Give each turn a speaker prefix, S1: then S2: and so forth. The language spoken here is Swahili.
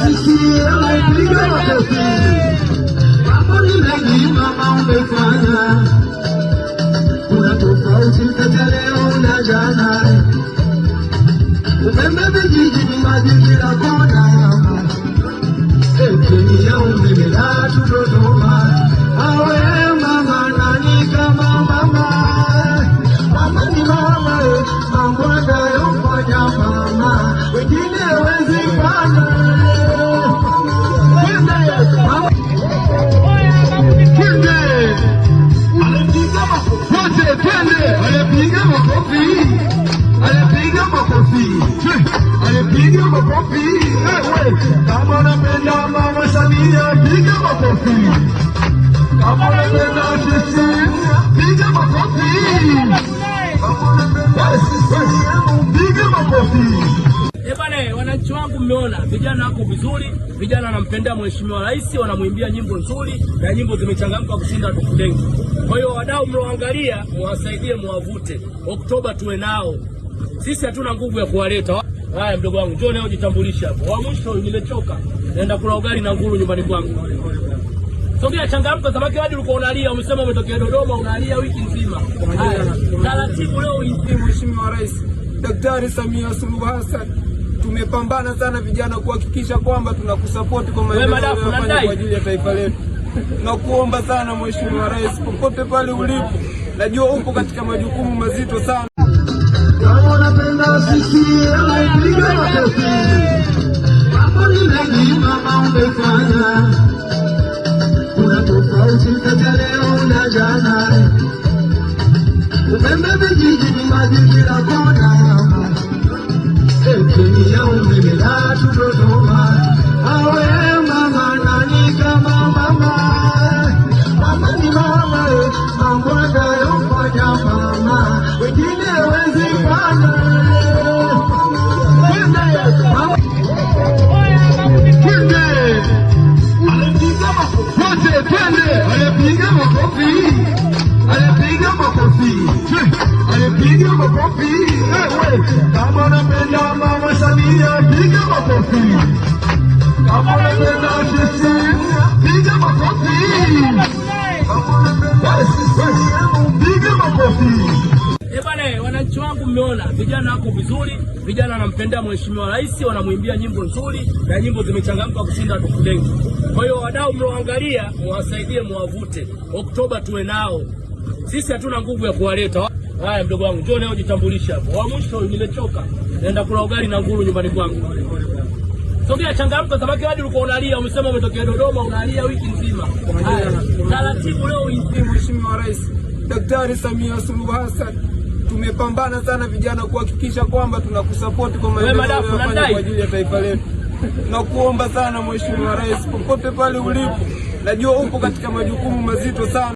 S1: sisi ẹlẹ́gbẹ̀rún gbẹ̀rún àtẹ̀sí. Àpọ́nlé lẹ́yìn. makofi. Eh Kama unapenda Mama Samia piga makofi. Kama unapenda sisi piga makofi. Kama unapenda sisi piga makofi.
S2: Ebane, eh, wananchi wangu, mmeona vijana wako vizuri, vijana wanampendea mheshimiwa rais, wanamwimbia nyimbo nzuri na nyimbo zimechangamka kushinda tukutengi. Kwa hiyo wadau mlioangalia, mwasaidie, mwavute. Oktoba tuwe nao sisi, hatuna nguvu ya kuwaleta Haya, mdogo wangu, njoo leo jitambulisha hapo. Wa mwisho nimechoka. Naenda kula ugali na nguru nyumbani kwangu. Sogea, changamka samaki hadi ulikuwa unalia, umesema umetokea Dodoma unalia wiki nzima. Taratibu leo ipi
S3: Mheshimiwa Rais Daktari Samia Suluhu Hassan. Tumepambana sana vijana kuhakikisha kwamba tunakusapoti kwa
S2: maendeleo kwa
S3: ajili ya taifa letu. Nakuomba sana Mheshimiwa Rais, popote pale ulipo, najua upo katika majukumu mazito sana.
S1: osisi elektrike maka osi afọ niile na ịma mma mmefu anya ụlọ akwụkwọ osi kachara ụlọ aja anaghị mmemme mebi ji mmadụ jiri akọ na ya ekele ya omebe wote twende, alipiga makofi, alipiga makofi, alipiga makofi. Ewe, kama unapenda Mama Samia, piga makofi.
S2: wangu mmeona vijana wako vizuri, vijana wanampendea mheshimiwa rais, wanamwimbia nyimbo nzuri na nyimbo zimechangamka kushinda tuku lengi. Kwa hiyo wadau mnaoangalia, mwasaidie, mwavute. Oktoba tuwe nao, sisi hatuna nguvu ya kuwaleta. Haya, mdogo wangu, njoo leo jitambulisha hapo. Wa mwisho nimechoka, naenda kula ugali na nguru nyumbani kwangu. Sogea, changamka, samaki hadi ulikuwa unalia, umesema umetokea Dodoma, unalia wiki nzima. Taratibu leo,
S3: Mheshimiwa Rais Daktari Samia Suluhu Hassan tumepambana sana vijana kuhakikisha kwamba tunakusapoti kwa
S2: maendeleo kwa
S3: ajili ya taifa letu. nakuomba sana Mheshimiwa Rais, popote pale ulipo, najua upo katika majukumu mazito sana.